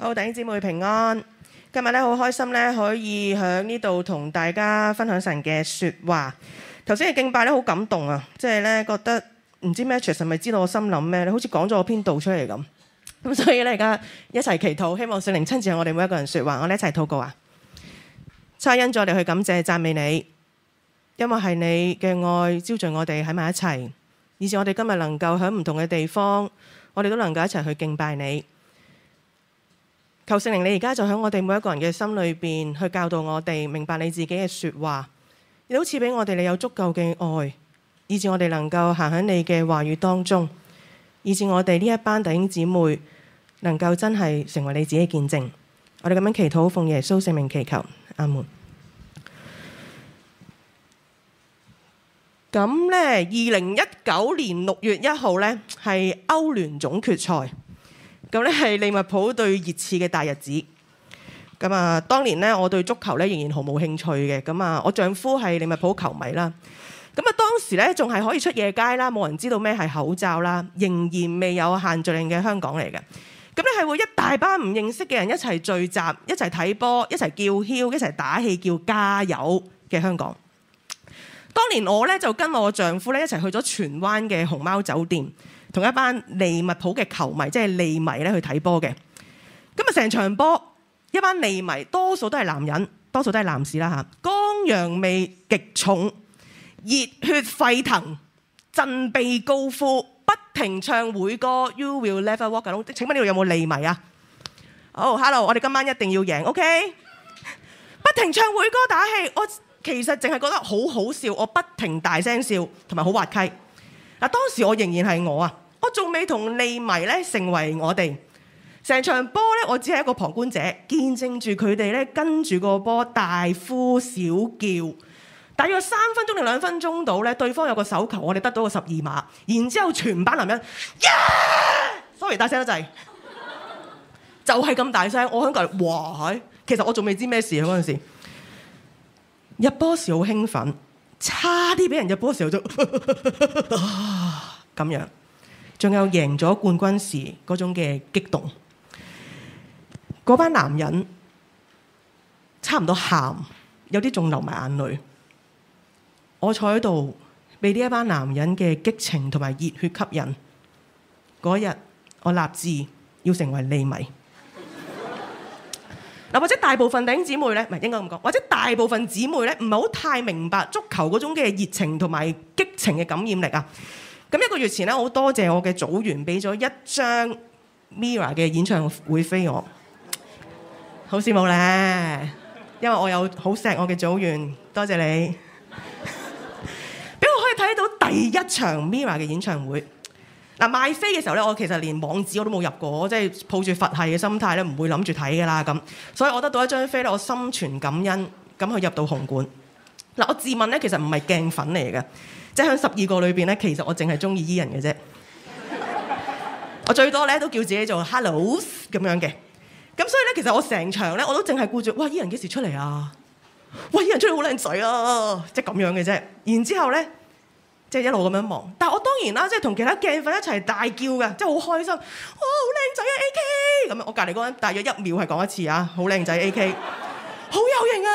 好，弟兄姊妹平安。今日咧好開心咧，可以喺呢度同大家分享神嘅說話。頭先嘅敬拜咧好感動啊，即係咧覺得唔知 Matthew 係咪知道我心諗咩，你好似講咗我篇道出嚟咁。咁所以咧而家一齊祈禱，希望聖靈親自係我哋每一個人說話。我哋一齊禱告啊！差因咗我哋去感謝讚美你，因為係你嘅愛召聚我哋喺埋一齊，以至我哋今日能夠喺唔同嘅地方，我哋都能夠一齊去敬拜你。求聖靈，你而家就喺我哋每一個人嘅心裏面去教導我哋，明白你自己嘅說話。你好似俾我哋，你有足夠嘅愛，以至我哋能夠行喺你嘅話語當中，以至我哋呢一班弟兄姊妹能夠真係成為你自己嘅見證。我哋咁樣祈禱，奉耶穌聖名祈求，阿門。噉呢，二零一九年六月一號呢，係歐聯總決賽。咁咧係利物浦對熱刺嘅大日子。咁啊，當年咧我對足球咧仍然毫無興趣嘅。咁啊，我丈夫係利物浦球迷啦。咁啊，當時咧仲係可以出夜街啦，冇人知道咩係口罩啦，仍然未有限聚令嘅香港嚟嘅。咁咧係會一大班唔認識嘅人一齊聚集，一齊睇波，一齊叫囂，一齊打氣叫加油嘅香港。當年我咧就跟我丈夫咧一齊去咗荃灣嘅熊貓酒店。同一班利物浦嘅球迷，即係利迷咧去睇波嘅，咁啊成場波，一班利迷多數都係男人，多數都係男士啦嚇，剛陽味極重，熱血沸騰，振臂高呼，不停唱會歌，You will never walk alone。請問呢度有冇利迷啊？好，oh，hello，我哋今晚一定要贏，OK？不停唱會歌打氣，我其實淨係覺得好好笑，我不停大聲笑，同埋好滑稽。嗱，當時我仍然係我啊，我仲未同利迷咧成為我哋，成場波咧我只係一個旁觀者，見證住佢哋咧跟住個波大呼小叫，大約三分鐘定兩分鐘到咧，對方有個手球，我哋得到個十二碼，然之後全班男人、yeah!，sorry 大聲得滯， 就係咁大聲，我喺度，哇海，其實我仲未知咩事啊嗰陣時，入波時好興奮。差啲俾人入波嘅時候就咁、啊、樣，仲有贏咗冠軍時嗰種嘅激動，嗰班男人差唔多喊，有啲仲流埋眼淚。我坐喺度，被呢一班男人嘅激情同埋熱血吸引。嗰日我立志要成為利迷。或者大部分弟兄姊妹呢，唔係應該咁講，或者大部分姊妹呢，唔係好太明白足球嗰種嘅熱情同埋激情嘅感染力啊！咁一個月前呢，我好多謝我嘅組員畀咗一張 m i r r o r 嘅演唱會飛我，好羨慕呢，因為我有好錫我嘅組員，多謝你，畀 我可以睇到第一場 m i r r o r 嘅演唱會。嗱，買飛嘅時候咧，我其實連網址我都冇入過，我即係抱住佛系嘅心態咧，唔會諗住睇㗎啦，咁，所以我得到一張飛咧，我心存感恩咁去入到紅館。嗱，我自問咧，其實唔係鏡粉嚟嘅，即係喺十二個裏邊咧，其實我淨係中意伊人嘅啫。 我最多咧都叫自己做 Hellos 咁樣嘅，咁所以咧其實我成場咧我都淨係顧住哇伊人幾時出嚟啊？哇伊人出嚟好靚仔啊！即係咁樣嘅啫。然之後咧。即係一路咁樣忙，但係我當然啦，即係同其他鏡粉一齊大叫嘅，即係好開心。哇，好靚仔啊！AK 咁我隔離嗰陣大約一秒係講一次啊，好靚仔 AK， 好有型啊！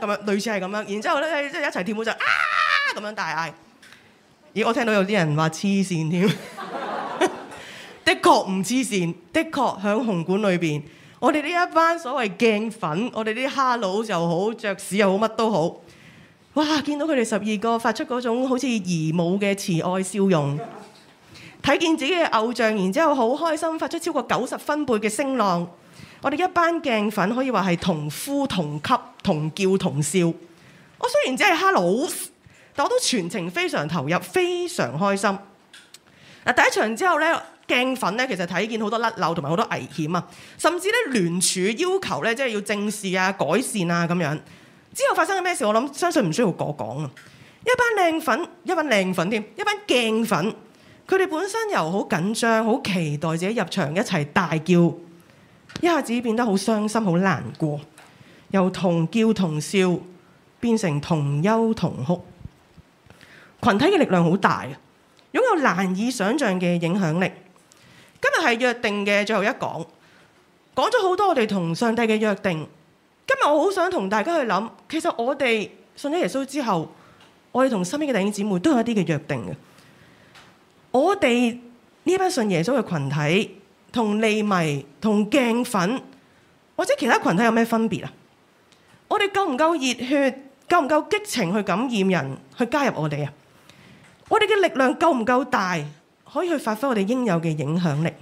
咁樣類似係咁樣，然之後咧即係一齊跳舞就啊，咁樣大嗌。咦，我聽到有啲人話黐線添，的確唔黐線，的確響紅館裏邊，我哋呢一班所謂鏡粉，我哋啲哈佬又好，爵屎又好，乜都好。哇！見到佢哋十二個發出嗰種好似姨母嘅慈愛笑容，睇見自己嘅偶像，然之後好開心，發出超過九十分貝嘅聲浪。我哋一班鏡粉可以話係同呼同吸同叫同笑。我、哦、雖然只係 hello，但我都全程非常投入，非常開心。嗱第一場之後咧，鏡粉咧其實睇見好多甩漏同埋好多危險啊，甚至咧聯署要求咧，即係要正視啊、改善啊咁樣。之後發生嘅咩事我諗相信唔需要我講一班今日我好想同大家去諗，其實我哋信咗耶穌之後，我哋同身邊嘅弟兄姊妹都有一啲嘅約定嘅。我哋呢班信耶穌嘅群體，同利迷、同鏡粉或者其他群體有咩分別啊？我哋夠唔夠熱血？夠唔夠激情去感染人去加入我哋啊？我哋嘅力量夠唔夠大，可以去發揮我哋應有嘅影響力？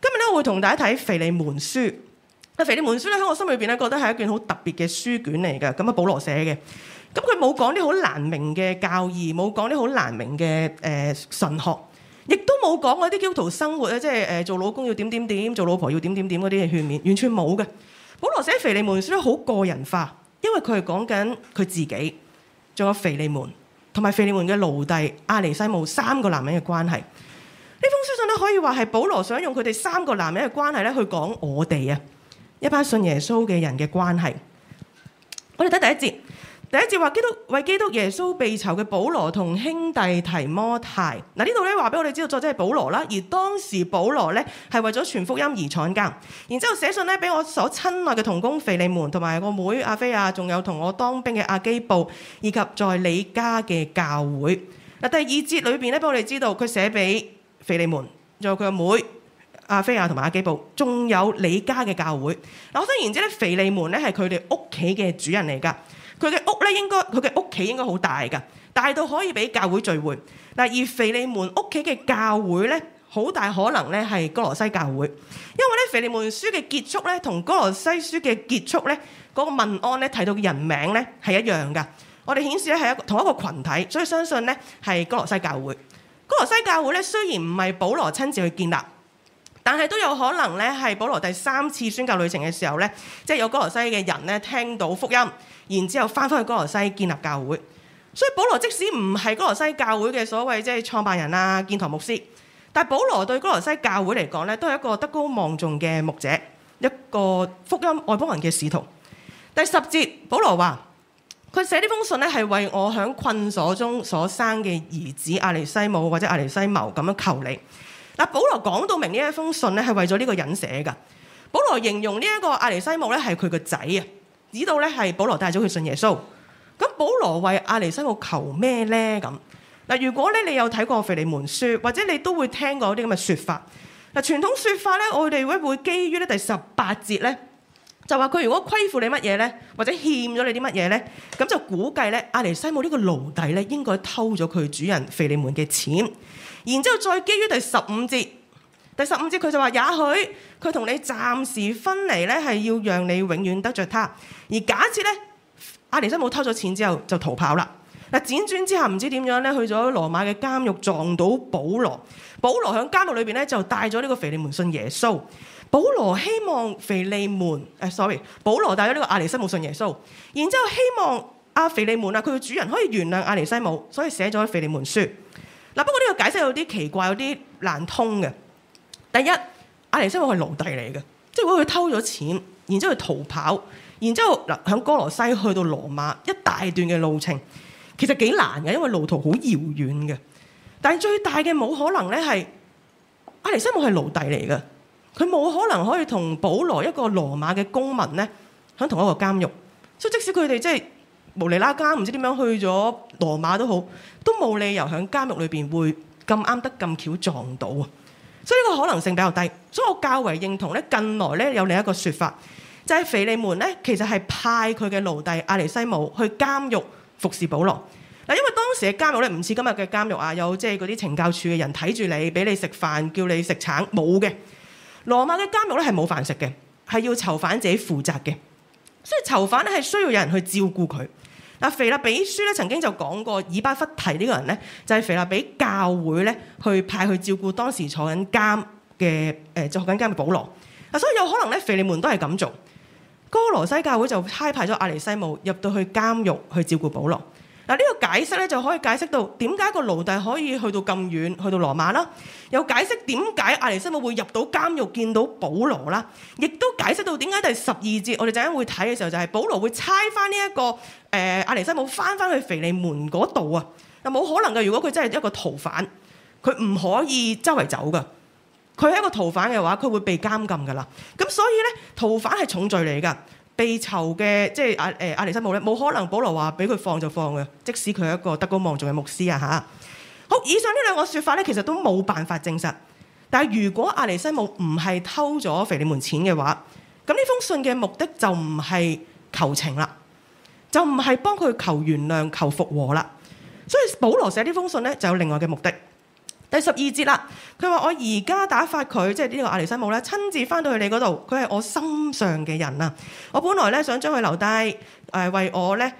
今日咧，我會同大家睇腓利門書。腓利門書》咧喺我心裏邊咧，覺得係一件好特別嘅書卷嚟嘅。咁啊，保羅寫嘅，咁佢冇講啲好難明嘅教義，冇講啲好難明嘅誒神學，亦都冇講嗰啲基督徒生活咧，即係誒做老公要點點點，做老婆要點點點嗰啲勸勉，完全冇嘅。保羅寫《腓利門書》咧好個人化，因為佢係講緊佢自己，仲有腓利門同埋腓利門嘅奴隸阿尼西姆三個男人嘅關係。呢封書信咧可以話係保羅想用佢哋三個男人嘅關係咧去講我哋啊。一班信耶穌嘅人嘅關係，我哋睇第一節，第一節話基督為基督耶穌被囚嘅保羅同兄弟提摩太。嗱，呢度咧話俾我哋知道，作者係保羅啦。而當時保羅咧係為咗傳福音而闖監，然之後寫信咧俾我所親愛嘅同工腓利門同埋我妹阿菲亞，仲有同我當兵嘅阿基布，以及在你家嘅教會。嗱，第二節裏邊咧，俾我哋知道佢寫俾腓利門，仲有佢個妹。阿菲亞同埋阿基布，仲有李家嘅教會嗱。我雖然知咧，腓利門咧係佢哋屋企嘅主人嚟噶。佢嘅屋咧，應該佢嘅屋企應該好大噶，大到可以俾教會聚會。嗱，而腓利門屋企嘅教會咧，好大可能咧係哥羅西教會，因為咧腓利門書嘅結束咧，同哥羅西書嘅結束咧嗰個問安咧提到嘅人名咧係一樣噶。我哋顯示咧係一個同一個群體，所以相信咧係哥羅西教會。哥羅西教會咧雖然唔係保羅親自去建立。但係都有可能咧，係保羅第三次宣教旅程嘅時候咧，即係有哥羅西嘅人咧聽到福音，然之後翻返去哥羅西建立教會。所以保羅即使唔係哥羅西教會嘅所謂即係創辦人啊、建堂牧師，但係保羅對哥羅西教會嚟講咧，都係一個德高望重嘅牧者，一個福音外邦人嘅使徒。第十節，保羅話：佢寫呢封信咧係為我喺困所中所生嘅兒子阿尼西姆或者阿尼西謀咁樣求你。嗱，保羅講到明呢一封信咧，係為咗呢個人寫噶。保羅形容呢一個阿尼西姆咧，係佢個仔啊，指到咧係保羅帶咗佢信耶穌。咁保羅為阿尼西姆求咩咧？咁嗱，如果咧你有睇過腓利門書，或者你都會聽過有啲咁嘅說法。嗱，傳統說法咧，我哋會會基於呢第十八節咧，就話佢如果虧負你乜嘢咧，或者欠咗你啲乜嘢咧，咁就估計咧，阿尼西姆呢個奴隸咧，應該偷咗佢主人腓利門嘅錢。然之後再基於第十五節，第十五節佢就話：也許佢同你暫時分離咧，係要讓你永遠得着他。而假設咧，阿尼西姆偷咗錢之後就逃跑啦。嗱，輾轉之下唔知點樣咧，去咗羅馬嘅監獄，撞到保羅。保羅喺監獄裏邊咧就帶咗呢個腓利門信耶穌。保羅希望腓利門，誒、哎、sorry，保羅帶咗呢個阿尼西姆信耶穌。然之後希望阿、啊、腓利門啊，佢嘅主人可以原諒阿尼西姆，所以寫咗《腓利門書》。不過呢個解釋有啲奇怪，有啲難通嘅。第一，阿尼西母係奴隸嚟嘅，即係如果佢偷咗錢，然之後逃跑，然之後嗱，喺哥羅西去到羅馬一大段嘅路程，其實幾難嘅，因為路途好遙遠嘅。但係最大嘅冇可能咧係阿尼西母係奴隸嚟嘅，佢冇可能可以同保羅一個羅馬嘅公民咧，喺同一個監獄。雖即使佢哋係。無釐啦家唔知點樣去咗羅馬都好，都冇理由喺監獄裏邊會咁啱得咁巧撞到啊！所以呢個可能性比較低，所以我較為認同咧，近來咧有另一個説法，就係腓利門咧其實係派佢嘅奴隸阿尼西姆去監獄服侍保羅。嗱，因為當時嘅監獄咧唔似今日嘅監獄啊，有即係嗰啲懲教處嘅人睇住你，俾你食飯，叫你食橙冇嘅。羅馬嘅監獄咧係冇飯食嘅，係要囚犯自己負責嘅，所以囚犯咧係需要有人去照顧佢。嗱，腓立比書曾經就講過，以巴弗提呢個人呢，就係腓立比教會呢去派去照顧當時坐緊監嘅誒坐緊監嘅保羅。所以有可能呢，腓利門都係咁做。哥羅西教會就差派咗阿尼西姆入到去監獄去照顧保羅。嗱、這、呢個解釋咧就可以解釋到點解個奴隸可以去到咁遠去到羅馬啦，又解釋點解阿尼西姆會入到監獄見到保羅啦，亦都解釋到點解第十二節我哋陣間會睇嘅時候就係保羅會猜翻呢一個誒阿尼西姆翻翻去腓利門嗰度啊，嗱，冇可能嘅，如果佢真係一個逃犯，佢唔可以周圍走噶，佢係一個逃犯嘅話，佢會被監禁噶啦，咁所以咧逃犯係重罪嚟㗎。被囚嘅即係阿阿阿尼西姆咧，冇可能保羅話俾佢放就放嘅，即使佢係一個德高望重嘅牧師啊吓。好，以上呢兩個說法咧，其實都冇辦法證實。但係如果阿尼西姆唔係偷咗腓利門錢嘅話，咁呢封信嘅目的就唔係求情啦，就唔係幫佢求原諒、求復和啦。所以保羅寫呢封信咧，就有另外嘅目的。第十二節啦，佢話：我而家打發佢，即係呢個阿尼西姆咧，親自翻到去你嗰度。佢係我心上嘅人啊！我本來咧想將佢留低，誒為我咧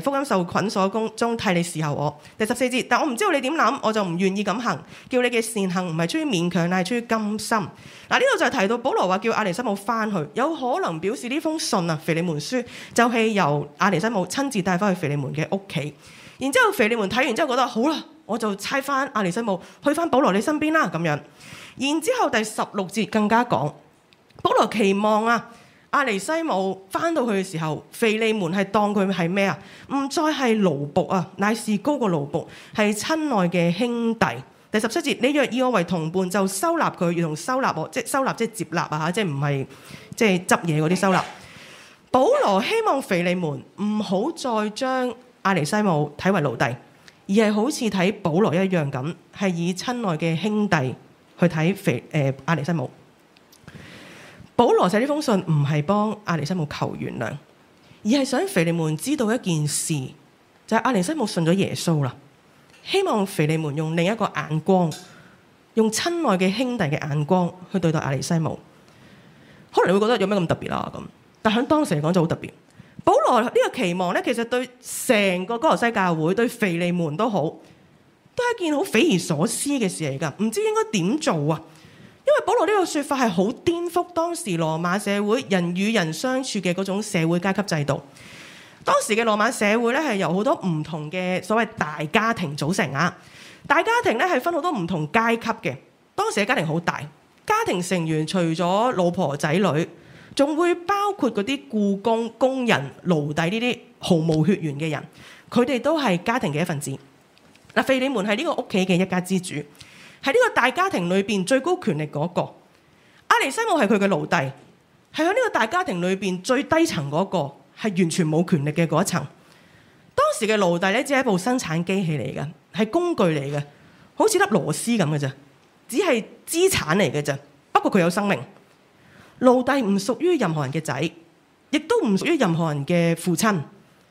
福音受捆鎖工中替你侍候我。第十四節，但我唔知道你點諗，我就唔願意咁行。叫你嘅善行唔係出於勉強，但係出於甘心。嗱呢度就係提到保羅話叫阿尼西姆翻去，有可能表示呢封信啊，腓利門書就係、是、由阿尼西姆親自帶翻去腓利門嘅屋企。然之後腓利門睇完之後覺得好啦。我就差翻阿尼西姆去翻保羅你身邊啦，咁樣。然之後第十六節更加講，保羅期望啊阿尼西姆翻到去嘅時候，腓利門係當佢係咩啊？唔再係奴僕啊，乃是高過奴僕，係親愛嘅兄弟。第十七節，你若以我為同伴，就收納佢，如同收納我，即係收納即係接納啊！嚇，即係唔係即係執嘢嗰啲收納。 保羅希望腓利門唔好再將阿尼西姆睇為奴隸。而係好似睇保羅一樣咁，係以親愛嘅兄弟去睇腓誒阿尼西姆。保羅寫呢封信唔係幫阿尼西姆求原諒，而係想腓利門知道一件事，就係、是、阿尼西姆信咗耶穌啦。希望腓利門用另一個眼光，用親愛嘅兄弟嘅眼光去對待阿尼西姆。可能會覺得有咩咁特別啦咁，但喺當時嚟講就好特別。保羅呢個期望咧，其實對成個哥羅西教會、對腓利門都好，都係一件好匪夷所思嘅事嚟噶。唔知應該點做啊？因為保羅呢個說法係好顛覆當時羅馬社會人與人相處嘅嗰種社會階級制度。當時嘅羅馬社會咧，係由好多唔同嘅所謂大家庭組成啊。大家庭咧，係分好多唔同階級嘅。當時嘅家庭好大，家庭成員除咗老婆仔女。仲會包括嗰啲僱工、工人、奴隸呢啲毫無血緣嘅人，佢哋都係家庭嘅一份子。嗱，腓利門係呢個屋企嘅一家之主，喺呢個大家庭裏邊最高權力嗰個。阿尼西姆係佢嘅奴隸，係喺呢個大家庭裏邊最低層嗰個，係完全冇權力嘅嗰一層。當時嘅奴隸咧，只係一部生產機器嚟嘅，係工具嚟嘅，好似粒螺絲咁嘅啫，只係資產嚟嘅啫。不過佢有生命。奴隸唔屬於任何人嘅仔，亦都唔屬於任何人嘅父親。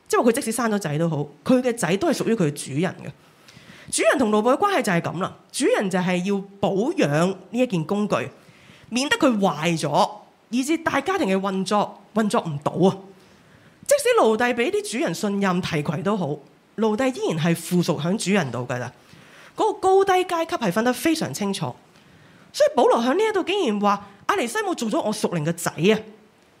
即係佢即使生咗仔都好，佢嘅仔都係屬於佢主人嘅。主人同奴隸嘅關係就係咁啦。主人就係要保養呢一件工具，免得佢壞咗，以致大家庭嘅運作運作唔到啊。即使奴隸俾啲主人信任提携都好，奴隸依然係附屬響主人度噶啦。嗰個高低階級係分得非常清楚，所以保羅響呢一度竟然話。亞阿尼西姆做咗我屬靈嘅仔啊，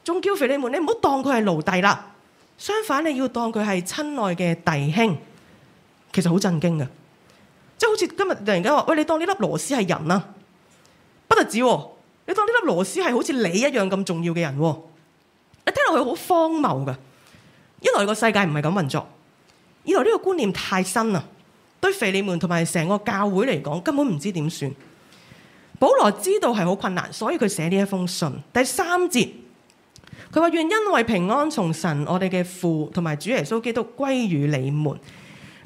仲叫腓利門，你唔好當佢係奴隸啦，相反你要當佢係親愛嘅弟兄，其實很震驚的好震驚嘅，即係好似今日突然間話，喂，你當呢粒螺絲係人啊？不但止、啊，你當呢粒螺絲係好似你一樣咁重要嘅人、啊，你聽落去好荒謬嘅，一來這個世界唔係咁運作，二來呢個觀念太新啊，對腓利門同埋成個教會嚟講根本唔知點算。保羅知道係好困難，所以佢寫呢一封信。第三節，佢話願因為平安從神，我哋嘅父同埋主耶穌基督歸於你們。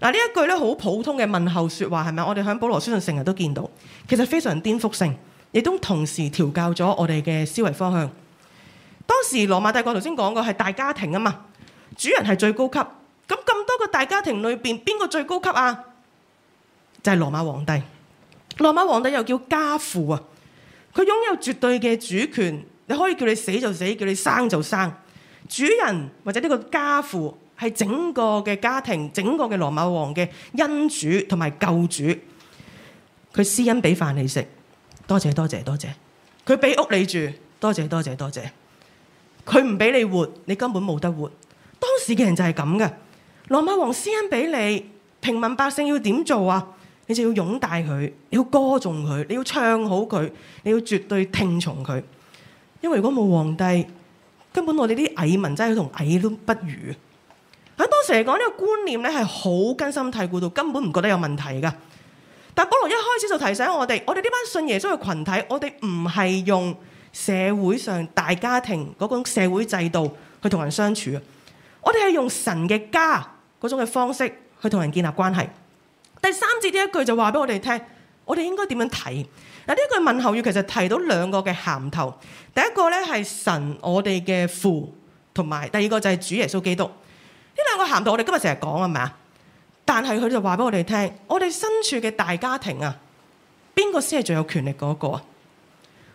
嗱呢一句咧好普通嘅問候說話係咪？我哋響保羅書信成日都見到，其實非常顛覆性，亦都同時調教咗我哋嘅思維方向。當時羅馬帝國頭先講過係大家庭啊嘛，主人係最高級。咁咁多個大家庭裏邊，邊個最高級啊？就係羅馬皇帝。羅馬皇帝又叫家父啊，佢擁有絕對嘅主權，你可以叫你死就死，叫你生就生。主人或者呢個家父係整個嘅家庭，整個嘅羅馬王嘅恩主同埋救主。佢施恩畀飯你食，多謝多謝多謝。佢畀屋你住，多謝多謝多謝。佢唔畀你活，你根本冇得活。當時嘅人就係噉嘅。羅馬王施恩畀你，平民百姓要點做啊？你就要擁戴佢，你要歌頌佢，你要唱好佢，你要絕對聽從佢。因為如果冇皇帝，根本我哋啲蟻民真係同蟻都不如。喺當時嚟講，呢個觀念咧係好根深蒂固到根本唔覺得有問題㗎。但係，保羅一開始就提醒我哋，我哋呢班信耶穌嘅群體，我哋唔係用社會上大家庭嗰種社會制度去同人相處啊，我哋係用神嘅家嗰種嘅方式去同人建立關係。第三節呢一句就話俾我哋聽，我哋應該點樣睇？嗱，呢句問候語其實提到兩個嘅銜頭，第一個咧係神我哋嘅父，同埋第二個就係主耶穌基督。呢兩個銜頭我哋今日成日講係咪啊？但係佢就話俾我哋聽，我哋身處嘅大家庭啊，邊個先係最有權力嗰個啊？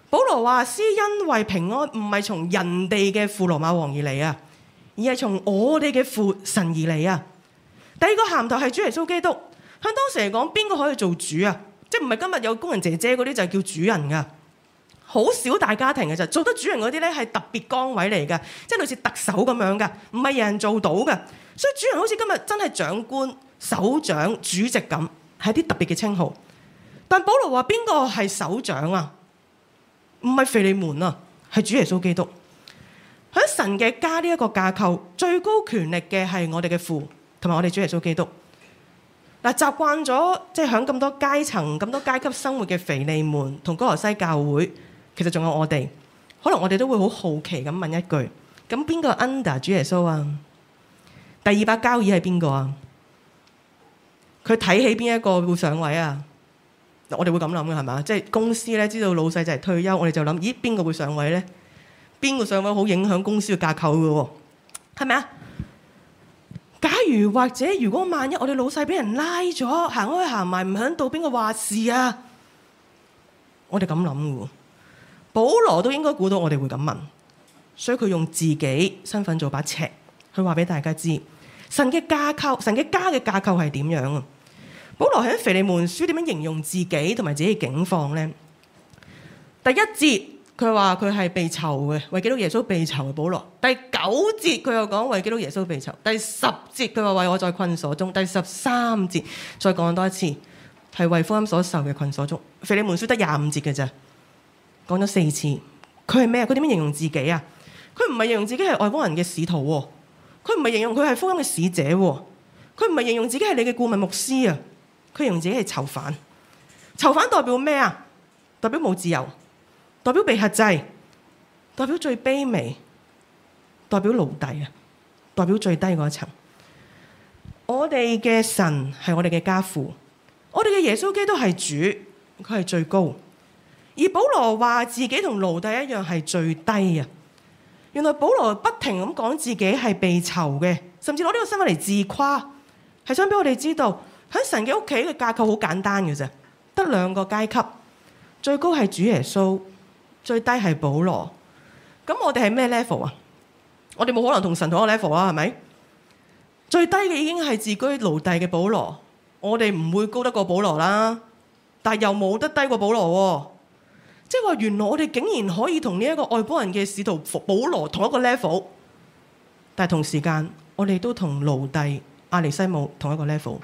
保羅話：施恩惠平安，唔係從人哋嘅父羅馬王而嚟啊，而係從我哋嘅父神而嚟啊。第二個銜頭係主耶穌基督。喺當時嚟講，邊個可以做主啊？即係唔係今日有工人姐姐嗰啲就係叫主人噶？好少大家庭嘅啫，做得主人嗰啲咧係特別崗位嚟嘅，即係類似特首咁樣嘅，唔係人人做到嘅。所以主人好似今日真係長官、首長、主席咁，係啲特別嘅稱號。但保羅話：邊個係首長啊？唔係腓利門啊，係主耶穌基督。喺神嘅家呢一個架構，最高權力嘅係我哋嘅父，同埋我哋主耶穌基督。嗱，習慣咗即係喺咁多階層、咁多階級生活嘅腓利門同哥羅西教會，其實仲有我哋，可能我哋都會好好奇咁問一句：咁邊個 under 主耶穌啊？第二把交椅係邊個啊？佢睇起邊一個會上位啊？我哋會咁諗嘅係嘛？即係、就是、公司知道老細就係退休，我哋就諗：咦，邊個會上位呢？邊個上位好影響公司嘅架構嘅喎？係咪啊？假如，或者，如果萬一我哋老細俾人拉咗，行開行埋，唔響度，邊個話事啊？我哋咁諗喎，保羅都應該估到我哋會咁問，所以佢用自己身份做把尺，去話俾大家知神嘅架構、神嘅家嘅架構係點樣啊？保羅喺腓利門書點樣形容自己同埋自己嘅境況咧？第一節。佢話佢係被囚嘅，為基督耶穌被囚嘅保羅。第九節佢又講為基督耶穌被囚。第十節佢話為我在困鎖中。第十三節再講多一次，係為福音所受嘅困鎖中。腓利門書得廿五節嘅啫，講咗四次。佢係咩？佢點樣形容自己啊？佢唔係形容自己係外邦人嘅使徒，佢唔係形容佢係福音嘅使者，佢唔係形容自己係你嘅顧問牧師啊。佢形容自己係囚犯。囚犯代表咩啊？代表冇自由。代表被轄制，代表最卑微，代表奴隸啊，代表最低嗰一層。我哋嘅神係我哋嘅家父，我哋嘅耶穌基督係主，佢係最高。而保羅話自己同奴隸一樣係最低啊。原來保羅不停咁講自己係被囚嘅，甚至攞呢個身份嚟自誇係想俾我哋知道喺神嘅屋企嘅架構好簡單嘅啫，得兩個階級，最高係主耶穌。最低係保羅，咁我哋係咩 level 啊？我哋冇可能同神同一個 level 啊，係咪？最低嘅已經係自居奴隸嘅保羅，我哋唔會高得過保羅啦，但係又冇得低過保羅。即係話，原來我哋竟然可以同呢一個外邦人嘅使徒保羅同一個 level，但係同時間我哋都同奴隸阿里西姆同一個 level。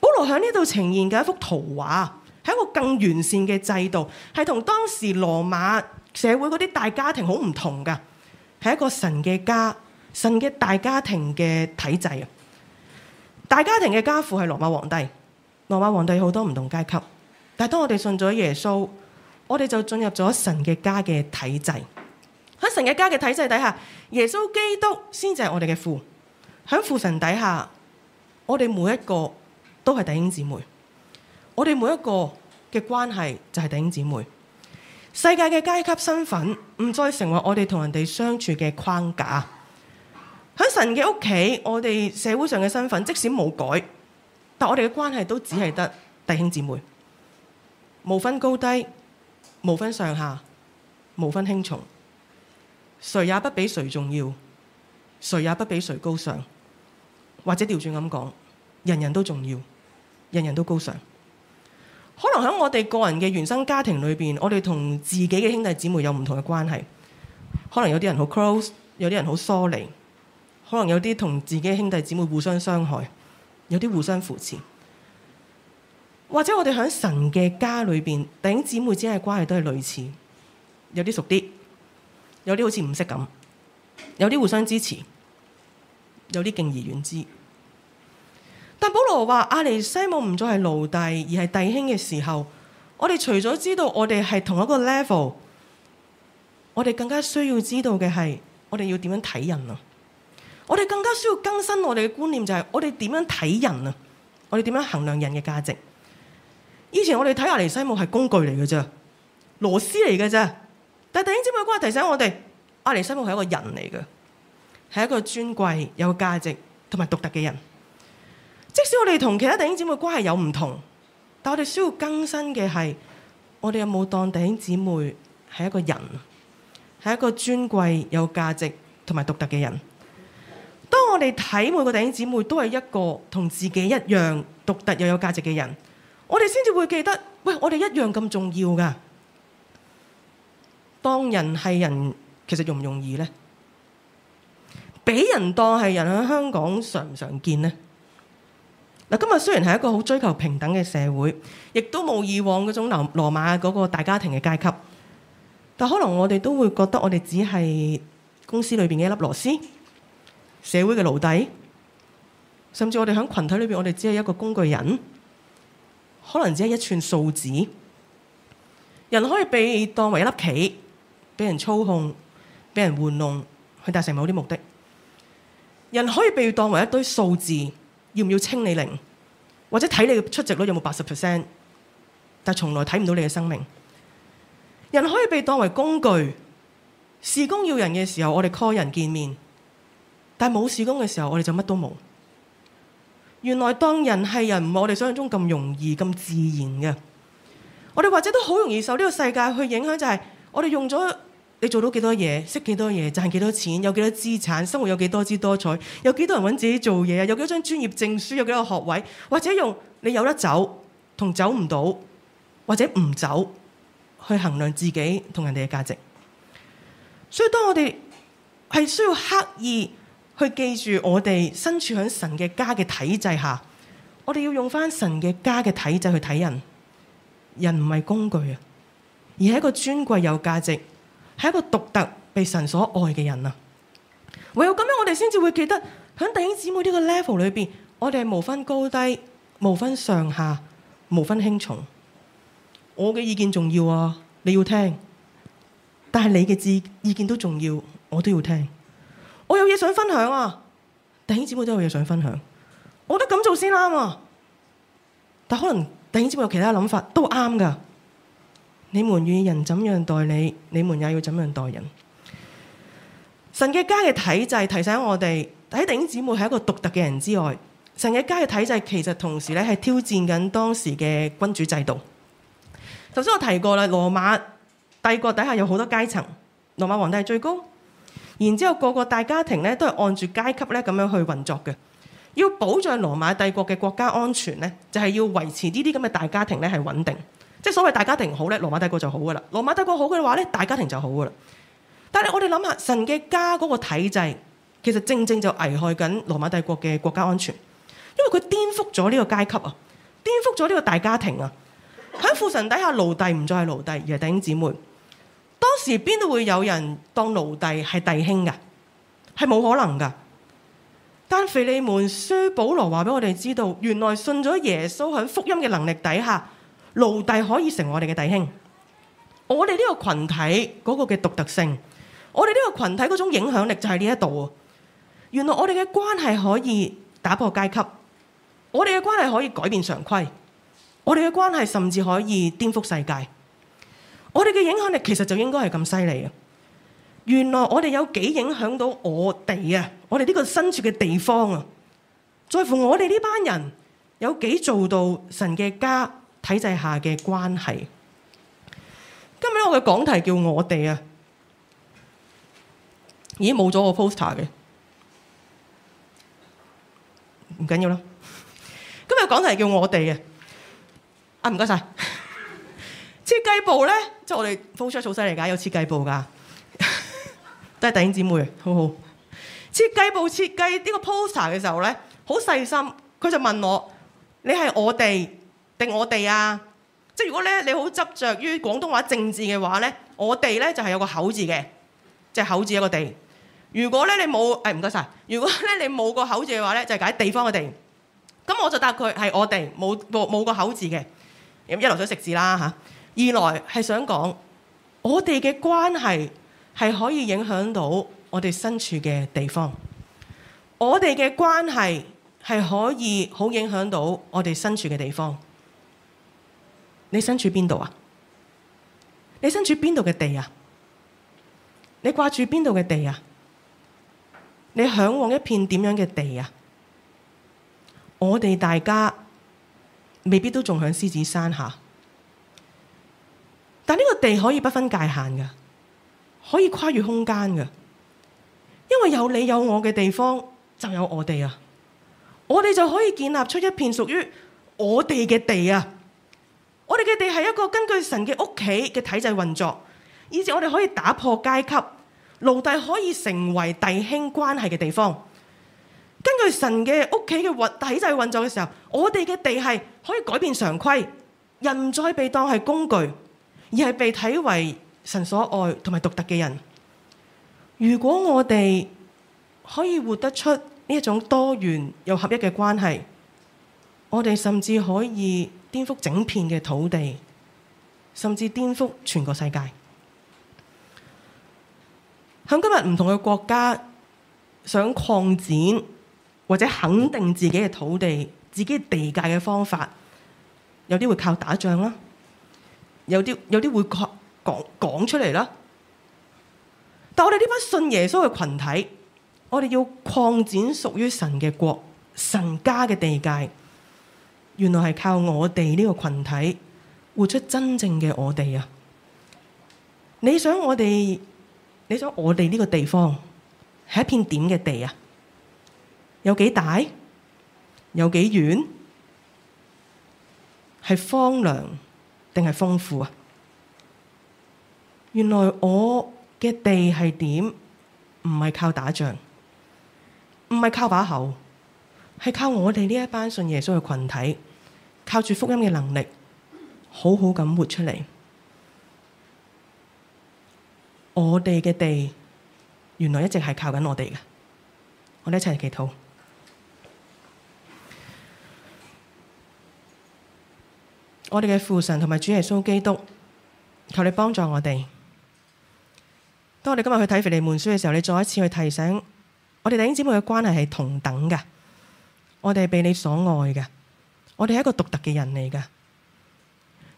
保羅喺呢度呈現嘅一幅圖畫。係一個更完善嘅制度，係同當時羅馬社會嗰啲大家庭好唔同㗎。係一個神嘅家，神嘅大家庭嘅體制啊。大家庭嘅家父係羅馬皇帝，羅馬皇帝好多唔同階級。但係當我哋信咗耶穌，我哋就進入咗神嘅家嘅體制。喺神嘅家嘅體制底下，耶穌基督先至係我哋嘅父。喺父神底下，我哋每一個都係弟兄姊妹。我哋每一個嘅關係就係弟兄姊妹。世界嘅階級身份唔再成為我哋同人哋相處嘅框架。喺神嘅屋企，我哋社會上嘅身份即使冇改，但我哋嘅關係都只係得弟兄姊妹。無分高低，無分上下，無分輕重，誰也不比誰重要，誰也不比誰高尚。或者調轉咁講，人人都重要，人人都高尚。可能喺我哋個人嘅原生家庭裏面，我哋同自己嘅兄弟姐妹有唔同嘅關係。可能有啲人好 close，有啲人好疏離。可能有啲同自己的兄弟姐妹互相傷害，有啲互相扶持。或者我哋喺神嘅家裏面，弟兄姊妹之間嘅關係都係類似，有啲熟啲，有啲好似唔識咁，有啲互相支持，有啲敬而遠之。但保羅話阿尼西母唔再係奴隸，而係弟兄嘅時候，我哋除咗知道我哋係同一個 level，我哋更加需要知道嘅係我哋要點樣睇人啊！我哋更加需要更新我哋嘅觀念，就係我哋點樣睇人啊！我哋點樣衡量人嘅價值？以前我哋睇阿尼西母係工具嚟嘅啫，螺絲嚟嘅啫。但弟兄姊妹關係提醒我哋，阿尼西母係一個人嚟嘅，係一個尊貴、有價值同埋獨特嘅人。知道我哋同其他弟兄姐妹關係有唔同，但我哋需要更新嘅係，我哋有冇當弟兄姐妹係一個人，係一個尊貴、有價值同埋獨特嘅人。當我哋睇每個弟兄姐妹都係一個同自己一樣獨特又有價值嘅人，我哋先至會記得，喂，我哋一樣咁重要㗎。當人係人，其實容唔容易呢？俾人當係人喺香港常唔常見呢？今日雖然係一個好追求平等嘅社會，亦都冇以往嗰種羅羅馬嗰個大家庭嘅階級，但可能我哋都會覺得我哋只係公司裏面嘅一粒螺絲，社會嘅奴隸，甚至我哋喺群體裏面，我哋只係一個工具人，可能只係一串數字。人可以被當為一粒棋，俾人操控、俾人玩弄去達成某啲目的。人可以被當為一堆數字。要唔要清理你零，或者睇你嘅出席率有冇八十 percent，但從來睇唔到你嘅生命。人可以被當為工具，事工要人嘅時候，我哋 call 人見面，但係冇事工嘅時候，我哋就乜都冇。原來當人係人，唔係我哋想象中咁容易、咁自然嘅。我哋或者都好容易受呢個世界去影響，就係我哋用咗。你做到幾多嘢，識幾多嘢，賺幾多錢，有幾多資產，生活有幾多姿多彩，有幾多人揾自己做嘢，有幾多張專業證書，有幾多個學位，或者用你有得走同走唔到，或者唔走去衡量自己同人哋嘅價值。所以當我哋係需要刻意去記住我哋身處喺神嘅家嘅體制下，我哋要用返神嘅家嘅體制去睇人。人唔係工具，而係一個尊貴有價值。是一個獨特被神所愛嘅人啊！唯有咁樣，我哋先至會記得喺弟兄姊妹呢個 level 裏面，我哋係無分高低、無分上下、無分輕重。我嘅意見重要啊，你要聽。但係你嘅意見都重要，我都要聽。我有嘢想分享啊，弟兄姊妹都有嘢想分享，我覺得咁做先啱啊。但可能弟兄姊妹有其他諗法都對，都啱㗎。你們願意人怎樣待你，你們也要怎樣待人。神嘅家嘅體制提醒我哋，喺弟兄姊妹係一個獨特嘅人之外，神嘅家嘅體制其實同時咧係挑戰緊當時嘅君主制度。頭先我提過啦，羅馬帝國底下有好多階層，羅馬皇帝係最高，然之後個個大家庭咧都係按住階級咧咁樣去運作嘅。要保障羅馬帝國嘅國家安全咧，就係、是、要維持呢啲咁嘅大家庭咧係穩定。即係所謂大家庭好咧，羅馬帝國就好噶啦。羅馬帝國好嘅話咧，大家庭就好噶啦。但係我哋諗下，神嘅家嗰個體制，其實正正就危害緊羅馬帝國嘅國家安全，因為佢顛覆咗呢個階級啊，顛覆咗呢個大家庭啊。喺父神底下，奴隸唔再係奴隸，而係弟兄姊妹。當時邊度會有人當奴隸係弟兄噶？係冇可能噶。但腓利門書保羅話俾我哋知道，原來信咗耶穌喺福音嘅能力底下。奴隸可以成為我哋嘅弟兄，我哋呢個群體嗰個嘅獨特性，我哋呢個群體嗰種影響力就喺呢一度。原來我哋嘅關係可以打破階級，我哋嘅關係可以改變常規，我哋嘅關係甚至可以顛覆世界。我哋嘅影響力其實就應該係咁犀利啊！原來我哋有幾影響到我哋啊！我哋呢個身處嘅地方啊，在乎我哋呢班人有幾做到神嘅家。體制下嘅關係，今日咧我嘅講題叫我哋啊，已經冇咗個 poster 嘅，唔緊要啦。今日講題叫我哋啊，啊唔該曬。設計部咧，即係我哋 poster 做曬嚟㗎，有設計部㗎，都係弟兄姊妹，好好。設計部設計呢個 poster 嘅時候咧，好細心，佢就問我：你係我哋？定我哋啊！即係如果咧，你好執着於廣東話正字嘅話咧，我哋咧就係有個口字嘅，即係口字一個地。如果咧你冇誒，唔該晒；如果咧你冇個口字嘅話咧，就係解地方嘅地。咁我就答佢，係我哋冇冇冇個口字嘅。一來想食字啦嚇，二來係想講我哋嘅關係係可以影響到我哋身處嘅地方。我哋嘅關係係可以好影響到我哋身處嘅地方。你身處邊度啊？你身處邊度嘅地啊？你掛住邊度嘅地啊？你向往一片點樣嘅地啊？我哋大家未必都仲喺獅子山下，但呢個地可以不分界限㗎，可以跨越空間㗎！因為有你有我嘅地方，就有我哋啊！我哋就可以建立出一片屬於我哋嘅地啊！我哋嘅地係一個根據神嘅屋企嘅體制運作，以致我哋可以打破階級、奴隸可以成為弟兄關係嘅地方。根據神嘅屋企嘅體制運作嘅時候，我哋嘅地係可以改變常規，人唔再被當係工具，而係被睇為神所愛同埋獨特嘅人。如果我哋可以活得出呢種多元又合一嘅關係，我哋甚至可以。顛覆整片嘅土地，甚至顛覆全個世界。喺今日唔同嘅國家，想擴展或者肯定自己嘅土地、自己地界嘅方法，有啲會靠打仗啦，有啲有啲會講講出嚟啦。但我哋呢班信耶穌嘅群體，我哋要擴展屬於神嘅國、神家嘅地界。原來係靠我哋呢個群體活出真正嘅我哋啊！你想我哋，你想我哋呢個地方係一片點嘅地啊？有幾大？有幾遠？係荒涼定係豐富啊？原來我嘅地係點？唔係靠打仗，唔係靠把口，係靠我哋呢一班信耶穌嘅群體。靠住福音嘅能力，好好咁活出嚟。我哋嘅地，原來一直係靠緊我哋嘅。我哋一齊祈禱。我哋嘅父神同埋主耶穌基督，求你幫助我哋。當我哋今日去睇腓利門書嘅時候，你再一次去提醒我哋弟兄姊妹嘅關係係同等嘅，我哋係被你所愛嘅。我哋係一個獨特嘅人嚟㗎。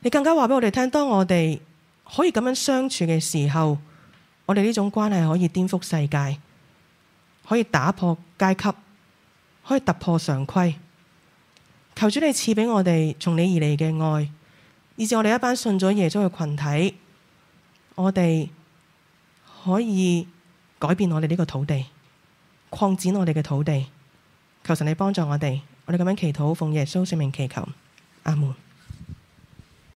你更加話俾我哋聽，當我哋可以噉樣相處嘅時候，我哋呢種關係可以顛覆世界，可以打破階級，可以突破常規。求主你賜畀我哋從你而來嘅愛，以至我哋一班信咗耶穌嘅群體，我哋可以改變我哋呢個土地，擴展我哋嘅土地。求神你幫助我哋。你咁樣祈禱，奉耶穌聖名祈求，阿門。